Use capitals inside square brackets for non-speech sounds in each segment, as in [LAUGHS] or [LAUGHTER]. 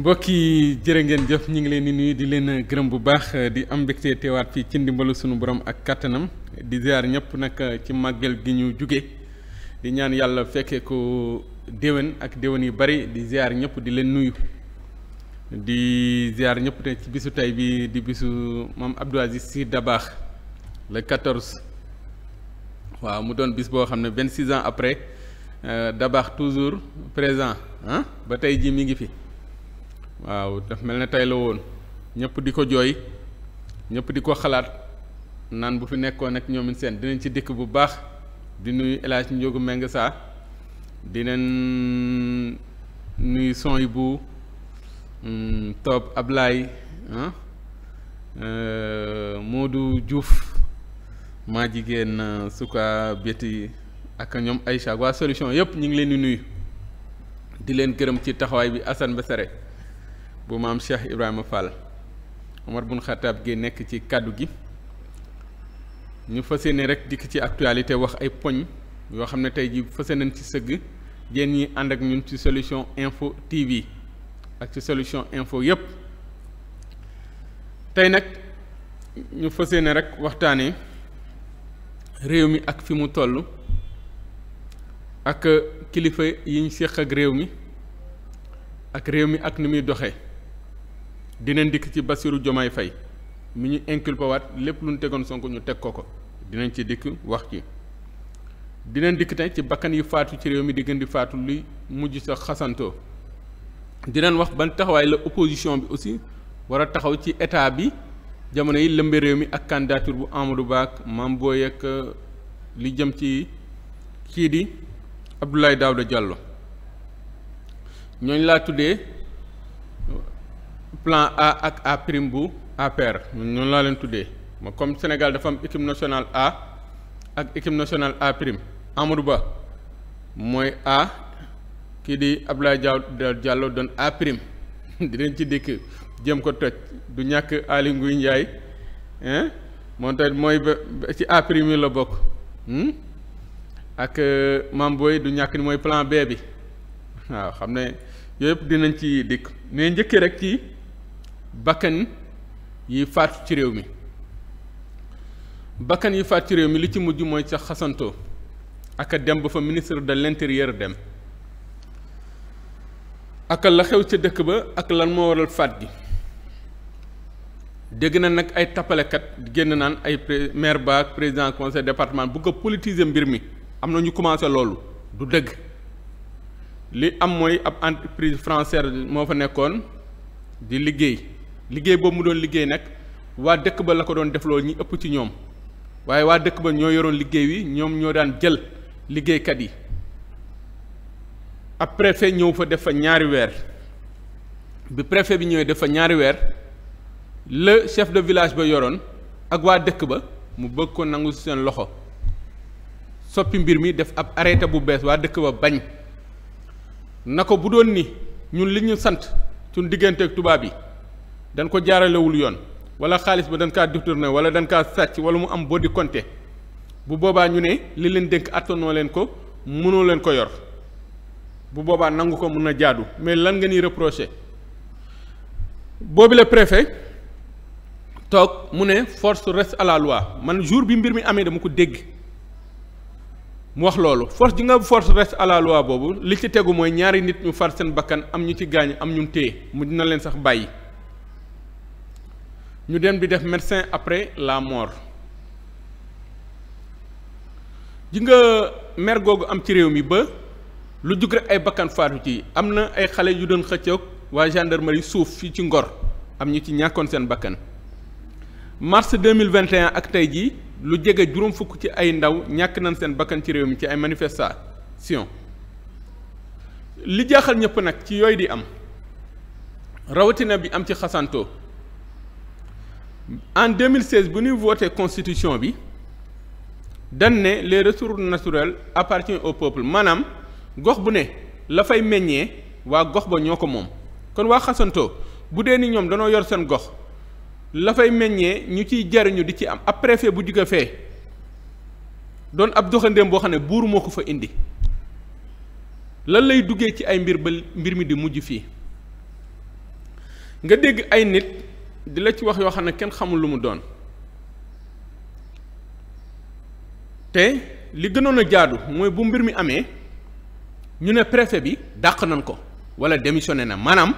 mbokk yi jërë ngeen jëf ñu ngi leen di nuyu di leen gërëm bu baax di am mbégte teewaat fii ci ndimbalu sunu borom ak kattanam di ziar ñëpp nag ci màggal gi ñu jóge di ñaan yàlla fekkee ko déwén ak déwén yu bari di ziar ñëpp di leen nuyu di ziar ñëpp te ci bisu tey bi di bisu moom Abdou Aziz Sy Dabakh le 14 waaw mu doon bis boo xam ne 26 ans après euh, Dabakh toujours présent ah ba tey jii mi ngi fi. waaw daf mel ne tey la woon ñëpp di ko jooy ñëpp di ko xalaat naan bu fi nekkoon ak ñoom seen dinañ ci dikk bu baax di nuyu El Hadj Ndiogu Meng saa dinañ nuyu son yi bu hmm, ab laay ah euh, Modou Diouf maa jigéen euh, suka béti ak ñoom Aïcha waa solution yëpp ñu ngi leen di nuyu di leen gërëm ci taxawaay bi Assane Besere. bu maam Cheikh Ibrahima Fall Omar bun Khattab gi nekk ci kàddu gi ñu fas yéene rek dikk ci actualité wax ay poñ yoo xam ne tey ji fase nañ ci sëgg yéen ñi ànd ak ñun ci solution info TV ak ci solution info yépp tey nag ñu fas yéene rek waxtaanee réew mi ak fi mu toll ak kilifa yi ñu séq ak réew mi ak réew mi ak ni muy doxee dinañ dikk ci Bassirou Diomaye fay mi ñu inculpé lépp lu tegoon sonk ñu teg ko ko dinañ ci dikk wax ci dinañ dikk tey ci bakkan yi faatu ci réew mi di gën di faatu luy mujj sa xasantoo dinañ wax ban taxawaay la opposition bi aussi war a taxaw ci état bi jamono yi lëmbe réew mi ak candidature bu Amadou Ba ak Mame Boye ak euh, li jëm ci kii di Abdoulaye Daouda Diallo ñooñ laa tuddee plan A ak A prime bu APR noonu laa leen tuddee ma comme Sénégal dafa am équipe nationale A ak équipe nationale A prime Amadou Ba mooy A kii di Abdoulaye Diallo doon A prime [LAUGHS] dinañ ci dikk jëm ko toj du ñàkk Aly Ngouille Ndiaye hein moom mooy ba ci A prime yi la bokk hmm? ak euh, Mame Boye du ñàkk ni mooy plan B bi [LAUGHS] waaw xam ne yooyu yëpp dinañ ci dikk mais njëkkee rek ci. bakkan yi faatu ci réew mi bakkan yi faatu ci réew mi li ci mujj mooy ca xasantoo ak a dem ba fa ministre de l'intérieur dem aka la xew ca dëkk ba ak lan moo waral faat gi dégg na nag ay tappalekat génn naan ay maire ba président conseil département bu ko politiser mbir mi am na ñu commencé loolu du dégg li am mooy ab entreprise française moo fa nekkoon di liggéey liggéey boobu mu doon liggéey nag waa dëkk ba la ko doon defloo ñi ëpp ci ñoom waaye waa dëkk ba ñoo yoroon liggéey wi ñoom ñoo daan jël liggéeykat yi ab préfet ñëw fa def fa ñaari weer bi préfet bi ñëwee def fa ñaari weer la chef de village ba yoroon ak waa dëkk ba mu bëgg ko nangu seen loxo soppi mbir mi def ab arrêté bu bees waa dëkk ba bañ na ko bu doon ni ñun li ñu sant suñ diggante ak tubaab yi dañ ko jaaralewul yoon wala xaalis ba dañ kaa détourné wala dañ kaa sàcc wala mu am boo di compté bu boobaa ñu ne li leen dénk attanoo leen ko mënoo leen ko yor bu boobaa nangu ko mën a jaadu mais lan nga ñuy reproché boobi la préfet toog mu ne force reste à la loi man jour bi mbir mi amee dama ko dégg mu wax loolu force ji nga force reste à la boobu li ci tegu mooy ñaari nit ñu far seen bakkan am ñu ci gaañ am ñu téye mu dina leen sax bàyyi ñu dem bi def médecin après la mort ji nga mer googu am ci réew mi ba lu jug rek ay bakkan faatu ci am na ay xale yu doon xëccoog waa gendarmerie suuf fii ci Ngor am ñu ci ñàkkoon seen bakkan mars 2021 ak tey jii lu jege juróom fukk ci ay ndaw ñàkk nañ seen bakkan ci réew mi ci ay manifestation li jaaxal ñëpp nag ci yooyu di am rawatina bi am ci xasantoo en 2016 bu ñuy voté constitution bi dan ne les ressources naturelles appartiennent au peuple maanaam gox bu ne la fay meññee waa gox ba ñoo ko moom kon waa xasantoo bu dee ni ñoom danoo yor seen gox la fay meññee ñu ciy jariñu di ci am ab préfet bu jóge fee doon ab doxandéem boo xam ne buur moo ko fa indi lan lay duggee ci ay mbir ba mbir mi di mujj fii nga dégg ay nit di la ci wax yoo xam ne kenn xamul lu mu doon te li gënoon a jaadu mooy bu mbir mi amee ñu ne préfet bi dàq nañ ko wala démissionné na maanaam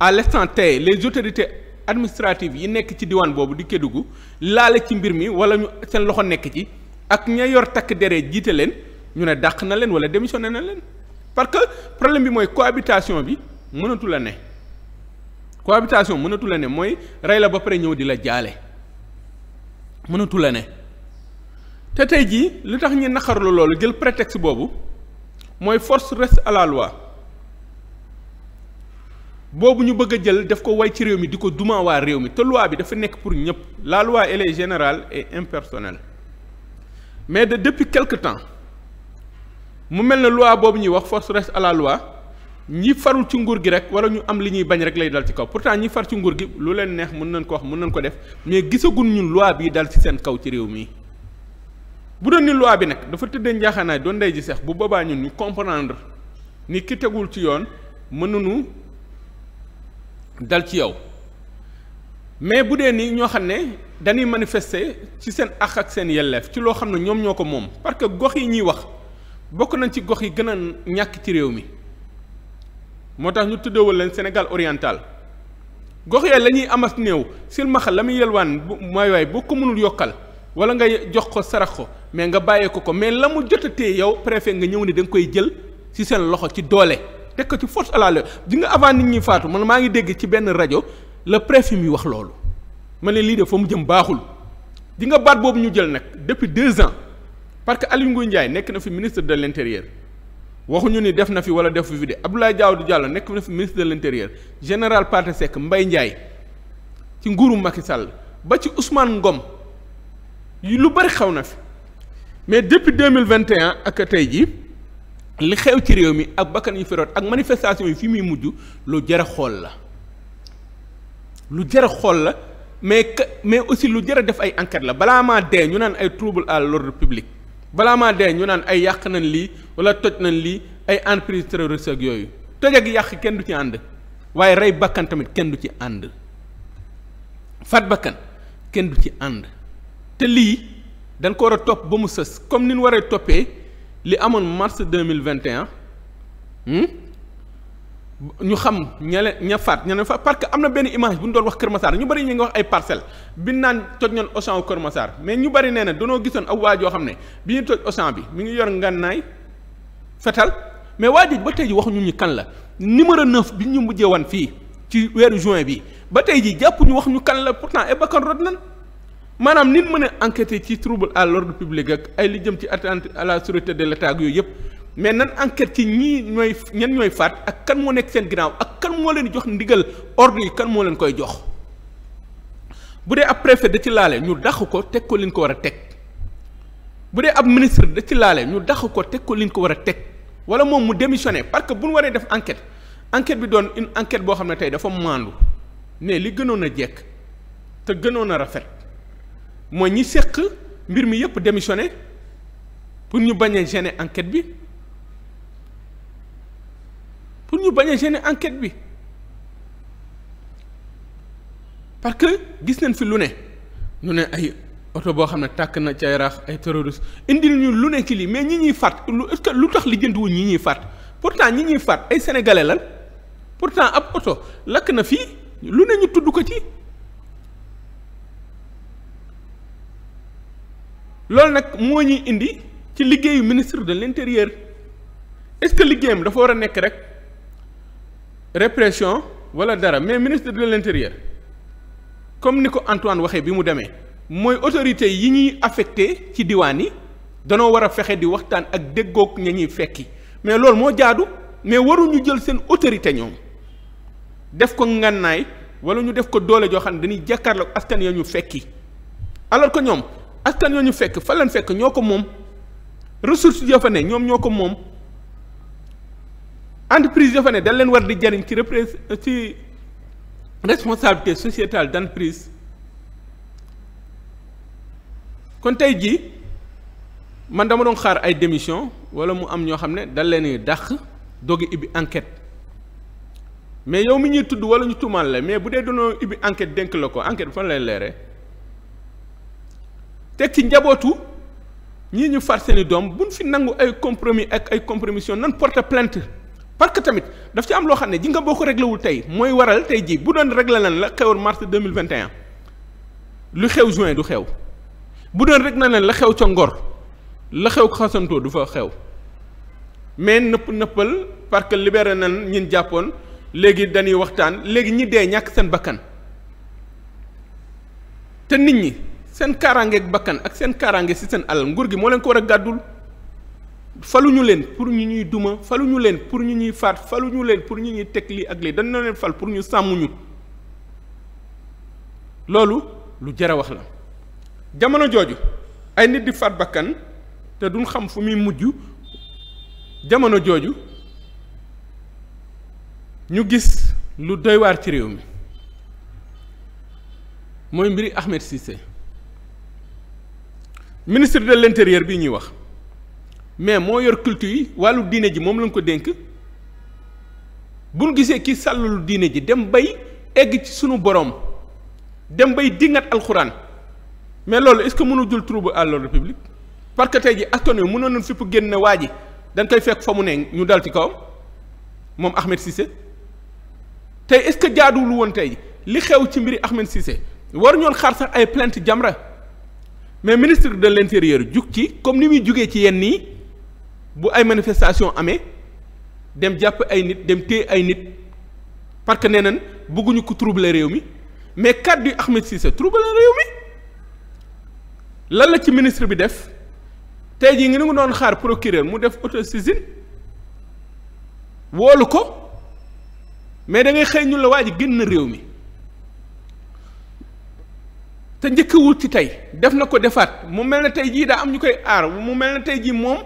à l'instant tey les autorités administratives yi nekk ci diwaan boobu di Kédougou laale ci mbir mi wala ñu seen loxo nekk ci ak ña yor takk deree jiite leen ñu ne dàq na leen wala démissionné na leen parce que problème bi mooy coabitation bi mënatul a ne cohabitation mënatu la ne mooy rey la ba pare ñëw di la jaale mënatu la ne te tey jii li tax ñu naqarlu loolu jël prétexte boobu mooy force reste à la boobu ñu bëgg a jël daf ko way ci réew mi di ko duma waa réew mi te loi bi dafa nekk pour ñëpp la loi elle générale et impersonnelle mais de depuis quelque temps mu mel ne loi boobu ñuy wax force reste à la ñi farul ci nguur gi rek wala ñu am li ñuy bañ rek lay dal ci kaw pourtant ñi far ci nguur gi lu leen neex mën nañ ko wax mën nañ ko def mais gisagun ñun loi bi dal ci seen kaw ci réew mi. bu doon ni bi nag dafa tëddee njaaxaanaay doon ndey ji seex bu boobaa ñun ñu comprendre ni ki ci yoon mënuñu dal ci yow mais bu dee nii ñoo xam ne dañuy manifester ci seen àq ak seen yelleef ci loo xam ne ñoom ñoo ko moom parce que gox yi ñuy wax bokk nañ ci gox yi gën a ñàkk ci réew mi. moo tax ñu tuddewal leen Sénégal oriental gox yooyu la ñuy amas néew silmaxa la muy yelwaan bu mooy waay boo ko mënul yokkal wala nga jox ko sarax ko mais nga bàyyee ko ko mais la mu jotatee yow préfet nga ñëw ni danga koy jël ci seen loxo ci doole teg ko ci force à di nga avant nit ñi faatu man maa ngi dégg ci benn rajo le préfet muy wax loolu ma ne lii de fa mu jëm baaxul di nga baat boobu ñu jël nag depuis deux ans parce que Aly Ngouille Ndiaye nekk na fi ministre de l'intérieur waxuñu ni def na fi wala def fi de Abdoulaye Daouda Diallo nekk na fi ministre de l' intérieur général Pathé Seck Mbaye Ndiaye ci nguuru Macky Sall ba ci Ousmane Ngom yu lu bëri xaw na fi mais depuis deux mille vingt et un ak tey jii li xew ci réew mi ak bakkan yu fi ak manifestation yi fi muy mujj lu jar a xool la lu jar a xool la mais mais aussi lu jar a def ay enquête la balaa maa dee ñu naan ay trouble à l'ordre public balaa maa dee ñu naan ay yàq nañ lii wala toj nañ lii ay entreprise terroriste ak yooyu toj ak yàq kenn du ci ànd waaye rey bàkkan tamit kenn du ci ànd fat bakkan kenn du ci ànd te lii dañ ko war a topp ba mu sës comme ni ñu waree toppee li amoon mars deux mille vingt et hmm? ñu xam ña leen ña faat ña leen faat parce que am na benn image bu ñu doon wax Kër Massar ñu bëri ñu ngi wax ay parcelles bi naan toj ñoon Auchan Kër Massar mais ñu bëri nee na danoo gisoon ak waa oo xam ne bi ñu toj Auchan bi mu ngi yor ngànnaay fetal mais waa ji ba tey ji waxuñu ñu kan la numéro 9 bi ñu mujjee woon fii ci weeru juin bi ba tey ji jàpp ñu wax ñu kan la pourtant ay bakkan rot nan maanaam nit mën a enquêter ci trouble à l'ordre public ak ay li jëm ci atteinte à la sûreté de l'État yooyu yëpp mais nan enquête ci ñii ñooy ñan ñooy faat ak kan moo nekk seen ginnaaw ak kan moo leen jox ndigal ordre yi kan moo leen koy jox bu dee ab préfet da ci laale ñu dàq ko teg ko leen ko war a teg bu dee ab ministre da ci laale ñu dàq ko teg ko liñ ko war a teg wala moom mu démissionné parce que bu ñu waree def enquête enquête bi doon une enquête boo xam ne tey dafa maandu mais li gënoon a jekk te gënoon a rafet mooy ñi seq mbir mi yëpp démissionné pour ñu bañ a gêner enquête bi. pour ñu bañ a gêner enquête bi parce que gis nañ fi lu ne ñu ne ay oto boo xam ne tàkk na ca yaraax ay indi indil ñu lu ne ci lii mais ñi ñuy fàtt lu est-ce que lu tax lijjantiwuñ ñi ñuy faat pourtant ñi ñuy faat ay sénégalais lan pourtant ab oto lakk na fii lu ne ñu tudd ko ci loolu nag moo ñuy indi ci liggéeyu ministre de l'intérieur est-ce que liggéeyam dafa war a nekk rek repression wala dara mais ministre de l'intérieur comme ni ko Antoine waxee bi mu demee mooy autorité yi ñuy affecté ci diwaan yi danoo war a fexe di waxtaan ak déggook ña ñuy fekki mais loolu moo jaadu mais ñu jël seen autorité ñoom def ko ngànnaay wala ñu def ko doole joo xam ne dañuy jàkkaarloog askan ya ñu fekki alors que ñoom askan ya ñu fekk fa lañ fekk ñoo ko moom ressource yoo fa ne ñoom ñoo ko moom. entreprise yoo fa ne dañ leen war di jariñ ci repré ci responsabilité sociétale d'entreprise kon tey jii man dama doon xaar ay démission wala mu am ñoo xam ne dañ leen dàq doog ibbi enquête mais yow mi ñuy tudd wala ñu tuumaal la mais bu dee doonoo ibbi enquête dénk la ko enquête fan lay leere teg ci njabootu ñii ñu far seeni doom buñ fi nangu ay compromis ak ay compromission nan porte plainte parce que tamit daf ci am loo xam ne ji nga boo ko réglé wul tey mooy waral tey ji bu doon réglé lan la xewoon mars deux mille vingt et lu xew juin du xew bu doon na lan la xew ca Ngor la xew xasantoo du fa xew mais nëpp nëppal parce que libéré nan ñin jàppoon léegi dañuy waxtaan léegi ñi dee ñàkk seen bakkan te nit ñi seen kaaraangeeg bakkan ak seen kaaraange si seen alal nguur gi moo leen ko war a gàddul. faluñu leen pour ñu ñuy duma faluñu leen pour ñu ñuy faat faluñu leen pour ñu ñuy teg lii ak lii dañ na leen fal pour ñu ñu loolu lu jar a wax la jamono jooju ay nit di faat bakkan te duñ xam fu muy mujj jamono jooju ñu gis lu doy ci réew mi mooy mbiri Ahmed Cissé ministre de l'intérieur bii ñuy wax mais moo yor culture yi wàllu diine ji moom lañ ko dénk buñ gisee kii sàllalu diine ji dem bay egg ci sunu borom dem bay dingat alxuraan mais loolu est-ce que mënu jul trouble à l'ordre public parce que tey ji askan wi mënoon nañ fipp génn waa ji dañ koy fekk fa mu ne ñu dal ci kawam moom Ahmed Cissé tey est-ce que jaaduwul woon tey li xew ci mbiri Ahmed Cissé war ñoon xaar sax ay plainte Jamra mais ministre de l'intérieur jug ci comme ni muy jugee ci yenn nii bu ay manifestation amee dem jàpp ay nit dem téye ay nit parce que nee nañ bëgguñu ko troubler réew mi mais kàddu yu Ahmed Cissé troubler réew mi lan la ci ministre bi def tey jii ngi nga doon xaar procureur mu def autosaisine woolu ko mais dangay ngay xëy ñu la waa ji génn réew mi te njëkkawul ci tey def na ko defaat mu mel ne tey jii daa am ñu koy aar mu mel ne tey jii moom.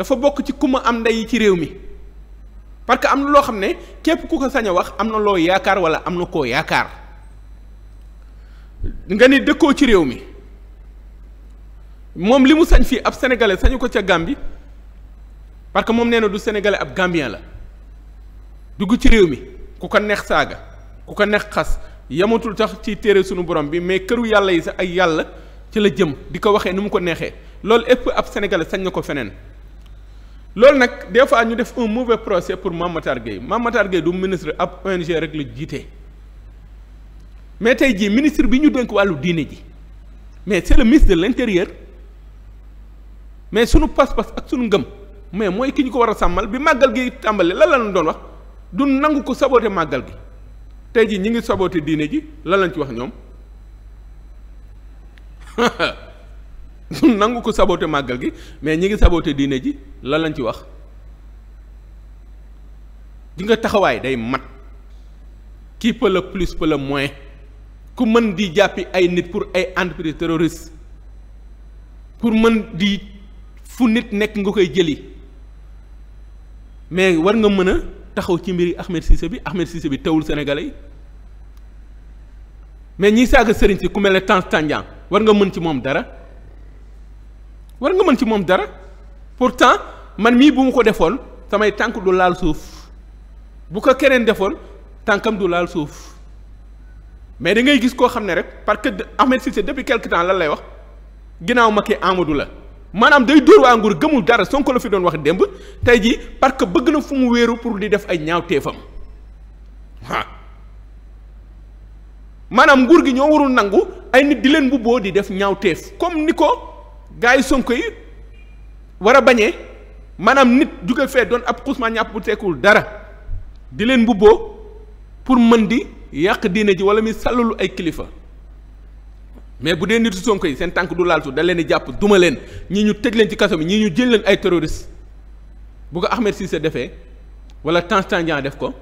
dafa bokk ci kuma am ndey ci réew mi parce que am na loo xam ne képp ku ko sañ a wax am na loo yaakaar wala am na koo yaakaar nga ni dëkkoo ci réew mi moom li mu sañ fii ab sénégalais sañu ko ca Gambie parce que moom nee na du sénégalais ab gambien la dugg ci réew mi ku ko neex saaga ku ko neex xas yamatul tax ci téere sunu borom bi mais këru yàlla yi sax ay yàlla ci la jëm di ko waxee ni mu ko neexee loolu épp ab sénégalais sañ na ko feneen. loolu nag des fois ñu def un mauvais procès pour Mame Matar Gueye Mame Matar Gueye du ministre ab ONG rek la jiite mais tey jii ministre bi ñu dénk wàllu diine ji mais c'est le ministre de l'intérieur mais sunu pas-pas ak sunu ngëm mais mooy ki ñu ko war a sàmmal bi màggal gi tàmbali lan lañ doon wax du nangu ko saboté màggal gi tey jii ñi ngi saboté diine ji lan lañ ci wax ñoom [LAUGHS] [LAUGHS] nangu ko saboté màggal gi mais ñi ngi saboté diine ji lan lañ ci wax di nga taxawaay day mat qui peut le plus peut le moins ku mën di jàppi ay nit pour ay entreprise terroriste pour mën di fu nit nekk nga koy jëli mais war nga mën a taxaw ci mbir Ahmed Cissé bi Ahmed Cissé bi tawul sénégalais yi mais ñiy saaga sëriñ si ku mel ne Tange war nga mën ci moom dara war nga mën ci moom dara pourtant man mii bu mu ko defoon samay tànk du laal suuf bu ko keneen defoon tànkam du laal suuf mais da ngay gis koo xam ne rek parce que Ahmed Cissé depuis quelque temps lan lay wax ginnaaw Macky Amadou la maanaam day dóor waa nguur gëmul dara Sonko la fi doon wax démb tey jii parce que bëgg na fu mu wéeru pour di def ay ñaawteefam waaw maanaam nguur gi ñoo warul nangu ay nit di leen mbubboo di def ñaaw ñaawteef comme ni ko. gars yi sonk yi war a bañee maanaam nit jóge fee doon ab xusma ñàpp bu tekkul dara di leen mbubboo pour mën di yàq diine ji wala mi sàllalu ay kilifa mais bu dee nitu sonk yi seen tànk du laal su da leen di jàpp duma leen ñii ñu tëj leen ci kaso bi ñii ñu jël leen ay terroriste bu ko Ahmed Cissé defee wala Tange Tandian def ko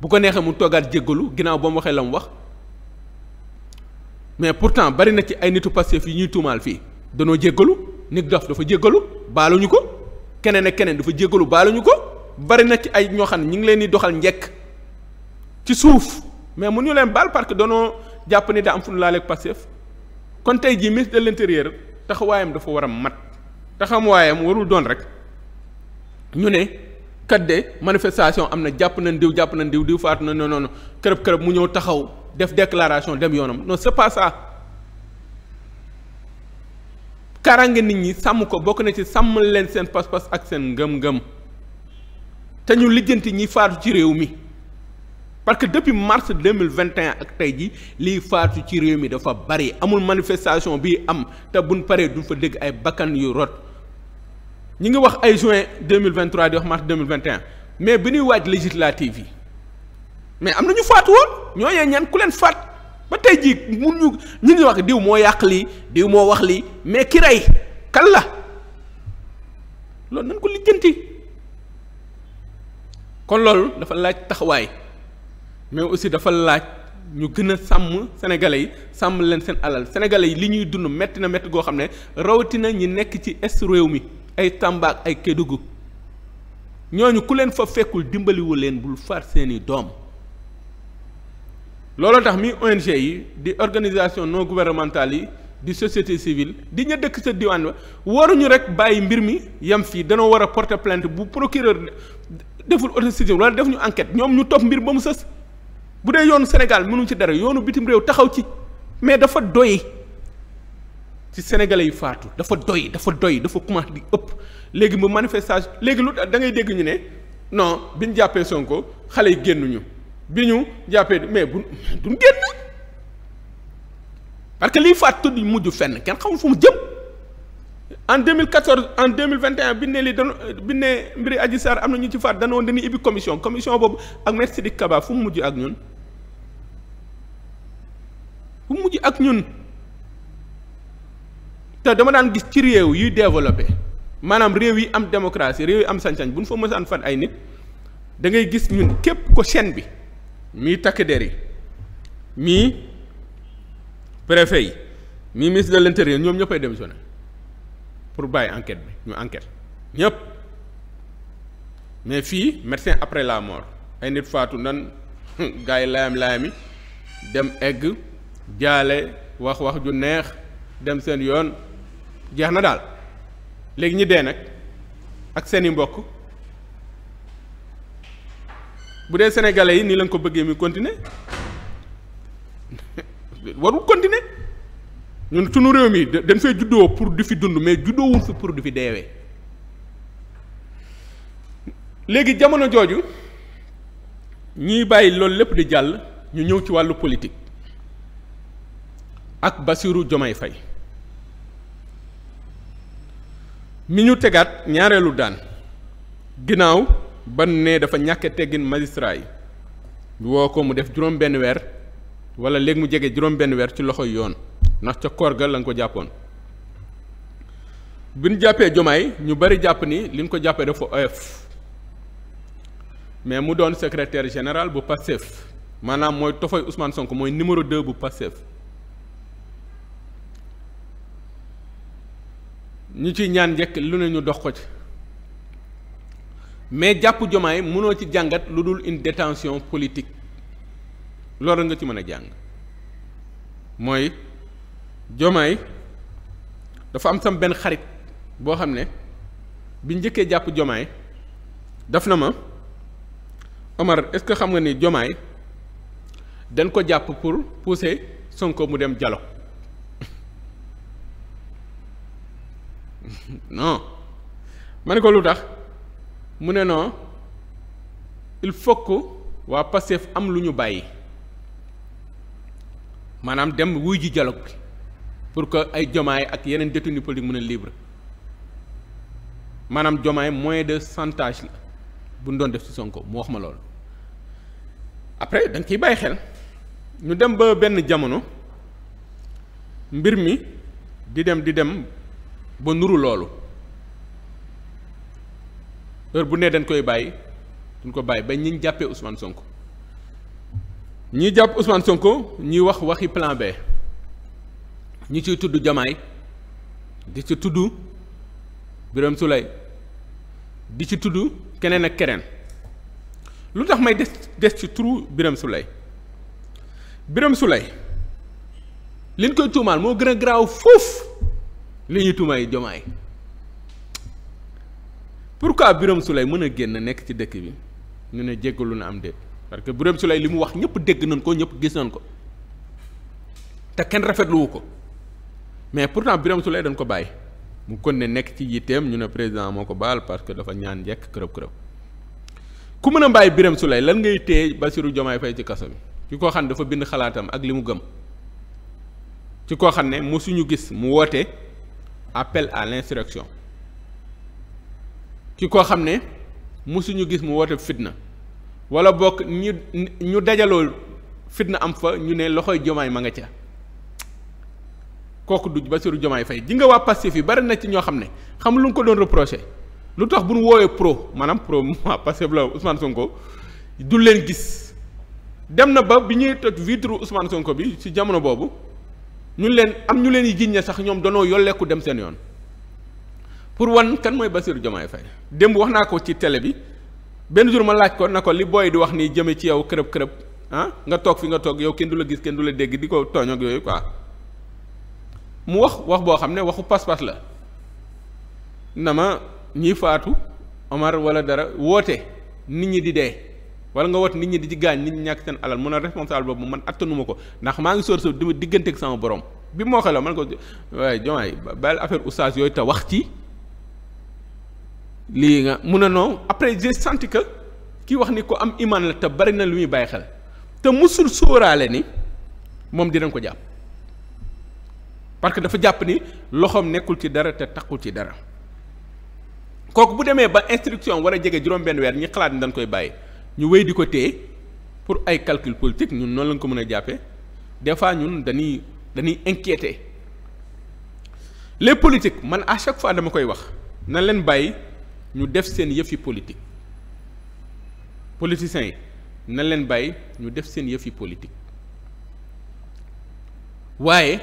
bu ko neexee mu toogaat jéggalu ginnaaw ba mu waxee la mu wax mais pourtant bari na ci ay nitu Pastef yi ñuy tuumaal fii danoo jéggalu nit dof dafa jéggalu baaluñu ko keneen ak keneen dafa jéggalu baaluñu ko bari na ci ay ñoo xam ne ñu ngi leen di doxal njekk ci suuf mais mu mënuñu leen baal parce que danoo jàpp ni daa am fu nu laaleeg Pastef kon tey jii ministre de l'intérieur taxawaayam dafa war a mat taxawaayam warul doon rek ñu ne kat de manifestation am na jàpp na diw jàpp nañ diw diw faatu na non noonu kërëb kërëb mu ñëw taxaw def déclaration dem yoonam non c'est karange nit ñi sàmm ko bokk na ci sàmmal leen seen pas-pas ak seen ngëm-ngëm te ñu lijjanti ñi faatu ci réew mi parce que depuis mars deux mille vingt et ak tey jii liy faatu ci réew mi dafa bari amul manifestation bi am te buñ paree du fa dégg ay bakkan yu rot ñi ngi wax ay juin deux mille vingt trois di wax mars vingt et mais bi ñuy waaj législative yi mais am na ñu faatu woon ñooñee ñan ku leen faat. ba tey jii mun ñu ñu ngi wax diw moo yàq lii diw moo wax lii mais ki rey kan la loolu nañ ko lijjanti kon loolu dafa laaj taxawaay mais aussi dafa laaj ñu gën a sàmm sénégalais yi sàmm leen seen alal sénégalais yi li ñuy dund métti na métti goo xam ne rawatina ñi nekk ci est réew mi ay Tamba ak ay Kédougou ñooñu ku leen fa fekkul dimbaliwu leen bul far seeni doom looloo tax mi ONG yi di organisation non gouvernementale yi di société civile di ña dëkk sa diwaan ba waruñu rek bàyyi mbir mi yam fii danoo war a porter plante bu procureur deful autosaisine wala def ñu enquête ñoom ñu topp mbir ba mu sës bu dee yoon Sénégal mënuñ ci dara yoonu bitim réew taxaw ci mais dafa doy ci sénégale yu faatu dafa doy dafa doy dafa commencé di ëpp léegi mu manifestation léegi lu da ngay dégg ñu ne non bi ñu jàppee Sonko xale yi génnuñu. bi ñu jàppee mais bu duñ génn parce que liy faat tudd mujj fenn kenn xamul fu mu jëm en 2014 en 2021 bi ne li dañu bi ne mbiri Adji Sarr am na ñu ci faat dañu woon dañuy ibbi commission commission boobu ak maître Sidiki Kaba fu mu mujj ak ñun fu mu mujj ak ñun te dama daan gis ci réew yuy développé maanaam réew yi am démocratie réew yi am sañ-sañ bu ñu fa mësaan fat ay nit da ngay gis ñun képp ko chaîne bi mii takk der yi mii préfet yi mii ministre de l'intérieur ñoom ñëppay démissionné pour bàyyi enquête bi ñu enquête ñëpp mais fii médecin après la mort ay nit faatu nan [LAUGHS] gars yi layam layami dem egg jaale wax wax ju neex dem seen yoon jeex na daal léegi ñi dee nag ak seeni mbokk bu dee sénégalais yi nii lañ ko bëggee mu continuer warul continuer ñun sunu réew mi dañ fay juddoo pour di fi dund mais juddoo wuñ fi pour di fi deewee léegi jamono jooju ñiy bàyyi loolu lépp di jàll ñu ñëw ci wàllu politique ak Bassirou Diomaye fay mi ñu tegaat ñaareelu daan ginnaaw. ban ne dafa ñàkk a teggin magistrat yi woo ko mu def juróom-benn weer wala léegi mu jege juróom-benn weer ci loxo yoon ndax ca koor ga lañ ko jàppoon bi ñu jàppee jomaay ñu bari jàpp ni li ñu ko jàppee dafa oyof mais mu doon secretaire général bu Pastef maanaam mooy tofoy Ousmane sonk mooy numéro 2 bu Pastef ñu ciy ñaan njekk lu ne ñu dox ko ci mais jàpp jomaay mënoo ci jàngat lu dul une détention politique loolu nga ci mën a jàng mooy jomaay dafa am sam benn xarit boo xam ne bi njëkkee jàpp jomaay daf na ma Omar est-ce que xam nga ni jomaay dañ ko jàpp pour pousser Sonko mu dem dialogue [LAUGHS] non ma ne ko lu tax. mu ne non il faut que waa Pastef am lu ñu bàyyi maanaam dem wuy ji jaloog bi pour que ay jomaay ak yeneen détenu politique mën a libre maanaam jomaay moyen de centage la bu ñu doon def ci Sonko mu wax ma loolu après da nga ciy bàyyi xel ñu dem ba benn jamono mbir mi di dem di dem ba nuru loolu heure bu nee dañ koy bàyyi duñ ko bàyyi ba ñi jàppee Ousmane Sonko ñi jàpp Ousmane Sonko ñuy wax waxi plan B ñi ciy tudd Jamaay di ci tudd Birame Souleye di ci tudd keneen ak keneen lu tax may des des ci turu Birame Souleye Birame Souleye liñ koy tuumaal moo gën a garaaw foofu li ñuy tuumaay Jamaay. pour pourquoi Birame Souleye mën a génn nekk ci dëkk bi ñu ne jéggalu na am déet parce que Birame Souleye li mu wax ñëpp dégg nañ ko ñëpp gis nañ ko te kenn rafetluwu ko mais pourtant biram Souleye dañ ko bàyyi mu kon ne nekk ci yitteem ñu ne président moo ko baal parce que dafa ñaan njekk kërëb kërëb ku mën a bàyyi biram Souleye lan ngay téye basiru Diomaye Faye ci kaso bi ci koo xam ne dafa bind xalaatam ak li mu gëm ci koo xam ne mosuñu gis mu woote appel à l'insurrection ki koo xam ne mosuñu gis mu woote fitna wala bokk ñu ñu dajaloo fitna am fa ñu ne loxoy jomaay ma nga ca kooku du Bassirou Diomaye Faye ji nga waa Pastef yi bari na ci ñoo xam ne xam lu nga ko doon reproché lu tax bu nu woowee pro maanaam pro moi [LAUGHS] Pastef la Ousmane Sonko du leen gis dem na ba bi ñuy toj vitre Ousmane Sonko bi ci jamono boobu ñu leen am ñu leen yi jiñ ne sax ñoom danoo yolleeku dem seen yoon pour wan kan mooy Bassirou Diomaye Faye démb wax naa ko ci tele bi benn jour ma laaj ko na ko li booy di wax nii jëme ci yow kërëb kërëb ah nga toog fi nga toog yow kenn du la gis kenn du la dégg di ko tooñ ak yooyu quoi mu wax wax boo xam ne waxu pas-pas la na ma ñiy faatu Omar wala dara woote nit ñi di dee wala nga woote nit ñi di ci gaañ nit ñi ñàkk seen alal mën a responsable boobu man attanuma ko ndax maa ngi sóor sa diggante ak sama borom bi moo xeloo man ko waaye Diomaye bàyyil affaire oustaz yooyu te wax ci. lii nga mun a non après j'ai senti que ki wax ni ko am imaan la te bari na lu muy bàyyi xel te musul sóoraale ni moom dinañ ko jàpp parce que dafa jàpp ni loxoom nekkul ci dara te takkul ci dara kooku bu demee ba instruction war a jege juróom-benn weer ñi xalaat ni dañ koy bàyyi ñu wéy di ko téye pour ay calcul politique ñun noonu lañ ko mën a jàppe des fois ñun dañuy dañuy inquiété les politiques man à chaque fois dama koy wax na leen bàyyi. ñu def seen yëfi politique politiciens yi na leen bàyyi ñu def seen yëfi politique waaye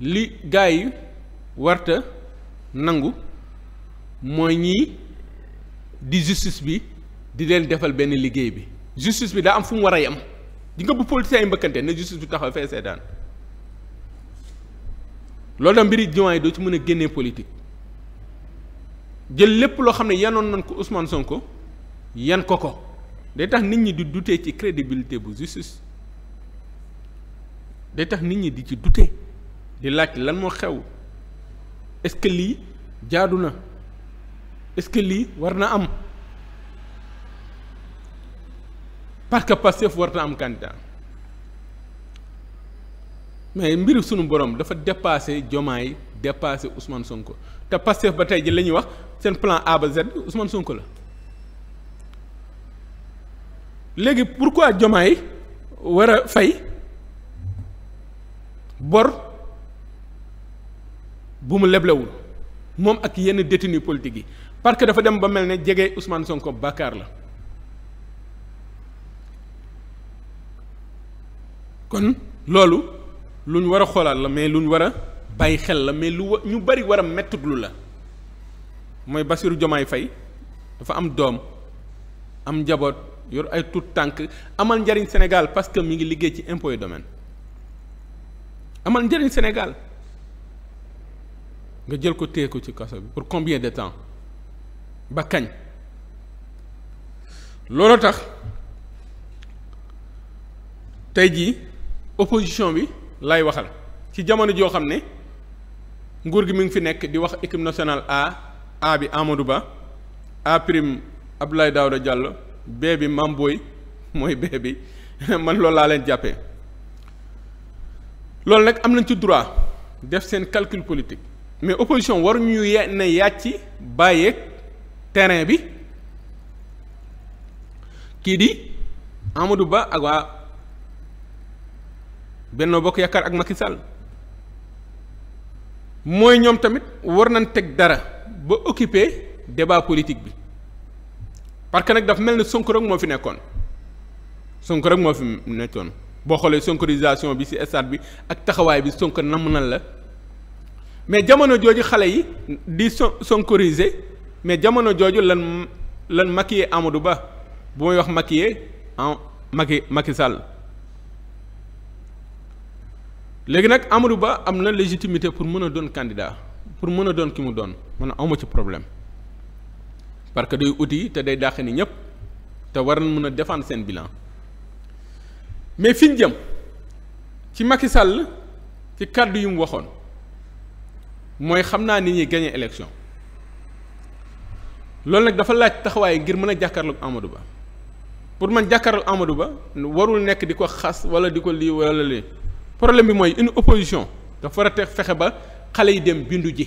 li gars yi warta nangu mooy ñii di justice bi di leen defal benn liggéey bi justice bi daa am fu mu war a yem di nga bu politiciens yi mbëkkante ne justice bi taxaw fee seetaan loolu da mbiri jiwaay doo ci mën a génnee politique jël lépp loo xam ne yanoon nañ ko Ousmane Sonko yan ko ko day tax nit ñi di douter ci crédibilité bu justice day tax nit ñi di ci douter di laaj lan moo xew est-ce que lii jaadu na est-ce que lii war na am parce que Pastef war na am candidat mais mbiru sunu borom dafa dépassé Diomaye dépassé Ousmane Sonko te Pastef ba tey ji la ñuy wax seen plan A ba Z bi Sonko la léegi pourquoi Diomaye war a fay bor bu mu leblewul moom ak yenn détenu politique yi parce que dafa dem ba mel ne jege Ousmane Sonko bàkkaar la kon loolu lu ñu war a xoolaat la mais lu ñu war a bàyyi xel la mais lu ñu bari war a mettitlu la mooy Bassirou Diomaye Faye dafa am doom am njaboot yor ay tout tànk amal njariñ Sénégal parce que mi ngi liggéey ci impôt et domaine amal njariñ Sénégal nga jël ko téye ko ci kaso bi pour combien de temps ba kañ loolu tax tey jii opposition bi laay waxal ci jamono joo xam ne nguur gi mu ngi fi nekk di wax équipe nationale A A bi Amadou Ba A prime Abdoulaye Daouda Diallo B bi Mame mooy B bi [LAUGHS] man lool laa leen jàppe loolu nag am nañ ci droit def seen calcul politique mais opposition waruñu ye ne yàcc bàyyeeg terrain bi kii di Amadou Ba ak waa Benno Bokk Yaakaar ak Macky Sall mooy ñoom tamit war nañ teg dara. ba occuper débat politique bi parce que nag dafa mel ne Sonko rek moo fi nekkoon Sonko rek moo fi nekkoon boo xoolee sonkorisation bi ci stade bi ak taxawaay bi Sonko namm nan la mais jamono jooju xale yi di son sonkoriser mais jamono jooju lan lan maquillé Amadou Ba bu may wax maquillé en ah, Macky Macky Sall léegi nag Amadou Ba am na légitimité pour mën a doon candidat. pour mën a doon ki mu doon mën a awma ci problème parce que day uti te day dàq ni ñëpp te war na mën a défendre seen bilan mais fi ñu ci Macky Sall ci kàddu yu mu waxoon mooy xam naa ni ñi gagné élection loolu nag dafa laaj taxawaay ngir mën a jàkkaarloog Amadou Ba pour mën jàkkaarloog Amadou Ba warul nekk di ko xas wala di ko lii wala lii problème bi mooy une opposition dafa war a teg fexe ba. xale yi dem bindu ji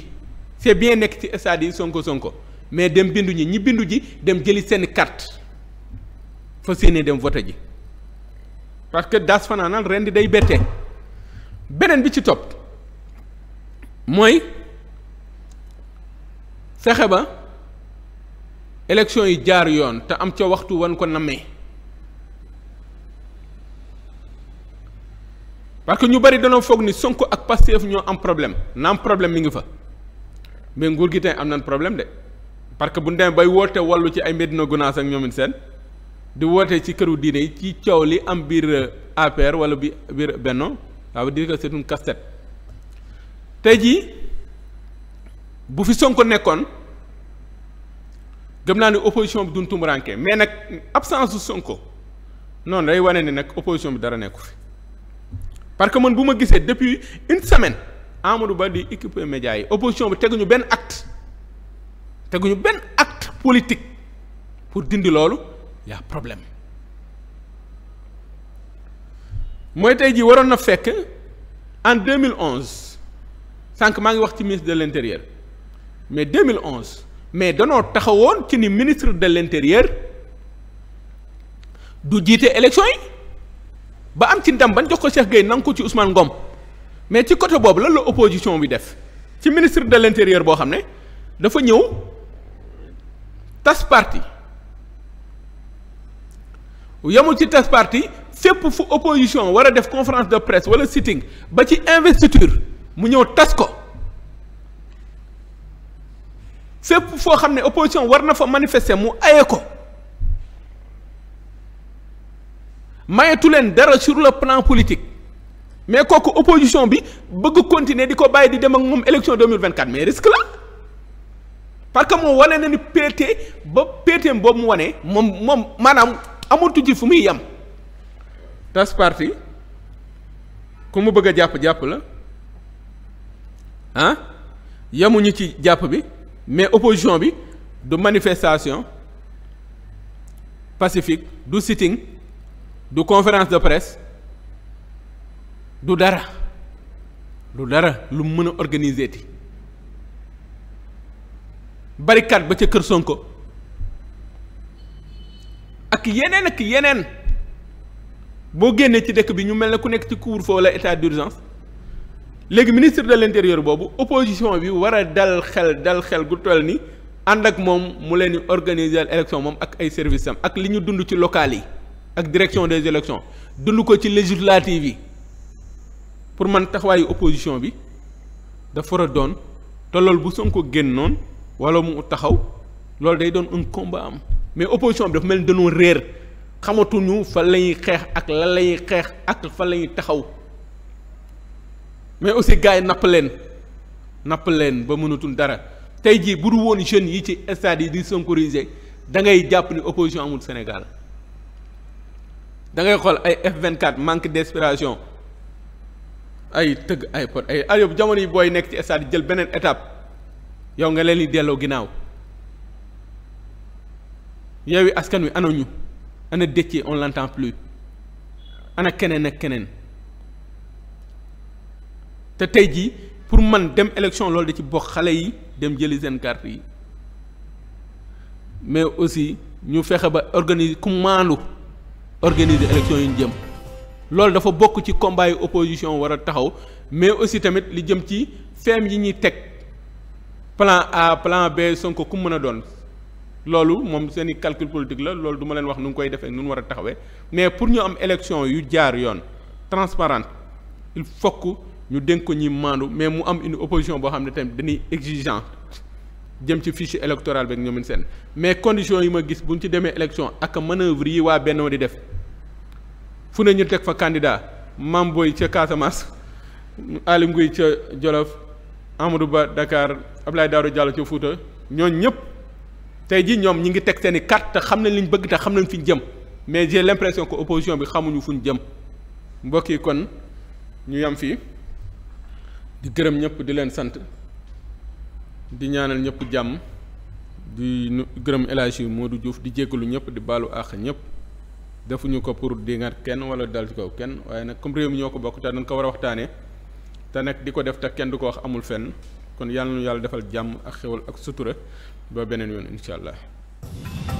c'est bien nekk ci stade yi sonko sonko mais dem bindu ñi ñi bindu ji dem jëli seeni carte fa séenee dem vote ji parce que daas fanaanal ren di day bette beneen bi ci topp mooy sexe ba élection yi jaar yoon te am ca waxtu wan ko namee parce que ñu bari danoo foog ni Sonko ak Pastef ñoo am problème na am problème mi ngi fa mais nguur gi tey am nañ problème de parce que bu ñu demee bay woote wallu ci ay Medina Gunaas ak ñoomin seen di woote ci këru diine yi ci coow li am biir euh, APR wala bi biir Benno ça veut dire que c'est une tey jii bu fi Sonko nekkoon gëm naa ni opposition bi duñ tumuraanke mais nag absence du Sonko noonu day wane ni nag opposition bi dara nekku fi parce que mën bu ma gisee depuis une semaine Amadou Ba di équiper médias yi opposition bi teguñu benn acte teguñu benn acte politique pour dindi loolu y problème mooy tey jii waroon na fekk en 2011 sànq maa ngi wax ci ministre de l'intérieur mais 2011 mais danoo taxawoon ci ni ministre de l'intérieur du jiite élection yi. ba am ci ndam ban jox ko Cheikh Gueye nangu ko ci Ousmane Ngom mais ci côté boobu lan la opposition bi def ci ministre de l'intérieur boo xam ne dafa ñëw tas parti yamul ci tas parti fépp fu opposition war a def conférence de presse wala sitting ba ci investiture mu ñëw tas ko fépp foo xam ne opposition war na fa manifester mu aye ko mayetu leen dara sur le plan politique mais kooku opposition bi bëgg continuer di ko bàyyi di dem ak moom élection 2024 mais risque la parce que moom wane na ni PT ba PT boobu mu wane moom moom maanaam amatu ci fu muy yem. tas parti ku mu bëgg a jàpp jàpp la ah yemuñu ci jàpp bi mais opposition bi du manifestation pacifique du sitting du conférence de presse du dara du dara lu mën a organiser ti barikaat ba ca kër son ko ak yeneen ak yeneen boo génnee ci dëkk bi ñu mel ne ku nekk ci couvre-feu wala état d'urgence léegi ministre de l'intérieur boobu opposition bi war a dal xel dal xel gu toll ni ànd ak moom mu leen di organiser élection moom ak ay services am ak li ñu dund ci local yi ak direction des élections dund ko ci législative yi pour man taxawaayu opposition bi dafa war doon te bu bu Sonko génnoon wala mu taxaw loolu day doon un combat am mais opposition bi dafa mel ni dañoo réer xamatuñu fa la ñuy xeex ak lan la ñuy xeex ak fa lañuy taxaw mais aussi gars yi napp leen napp leen ba mënatul dara tey jii bu du woon jeunes yi ci estade yi di sonkoriser da ngay jàpp ni opposition amul Sénégal. da ngay xool ay F24 manque d'inspiration ay tëgg ay pot ay ayub jamono yi booy nekk ci stade jël beneen étape yow nga leen di delloo ginnaaw Yewwi Askan Wi ana ñu ana Déthié on l'entend plus ana keneen ak keneen te tey jii pour man dem élection loolu da ci bokk xale yi dem jëli seen carte yi mais aussi ñu fexe ba organiser ku maandu. organiser élection yu ñu jëm loolu dafa bokk ci combat yi opposition war a taxaw mais aussi tamit li jëm ci feem yi ñuy teg plan A plan B ko ku mën a doon loolu moom seen i calcul politique la loolu duma leen wax nu ngi koy defee nu mu war a taxawee mais pour ñu am élection yu jaar yoon transparente il faut ñu dénk ko ñi maandu mais mu am une opposition boo xam ne tamit dañuy exigent jëm ci fiche électorale beeg ñoom seen mais conditions yi ma gis bu ñu ci demee élection ak a yi waa benn Bennoo di def fu ne ñu teg fa candidat Mame Boye ca Casamance Aly ca Jolof Amadou Ba Dakar Abdoulaye Daouda Diallo ca Fouta ñooñ ñëpp tey ji ñoom ñi ngi teg seen i carte te xam nañ liñ bëgg te xam nañ fi ñu jëm mais j'ai l'impression que opposition bi xamuñu fu ñu jëm mbokk yi kon ñu yam fii di gërëm ñëpp di leen sant di ñaanal ñëpp jàmm di gërëm El moo du Diouf di jéggalu ñëpp di baalu àq ñëpp defuñu ko pour dingat kenn wala dal ci kaw kenn waaye nag comme réew mi ñoo ko bokk te dañ ko war a waxtaanee te nag di ko def te kenn du ko wax amul fenn kon yàlla nu yàlla defal jàmm ak xewal ak sutura ba beneen yoon incha allah.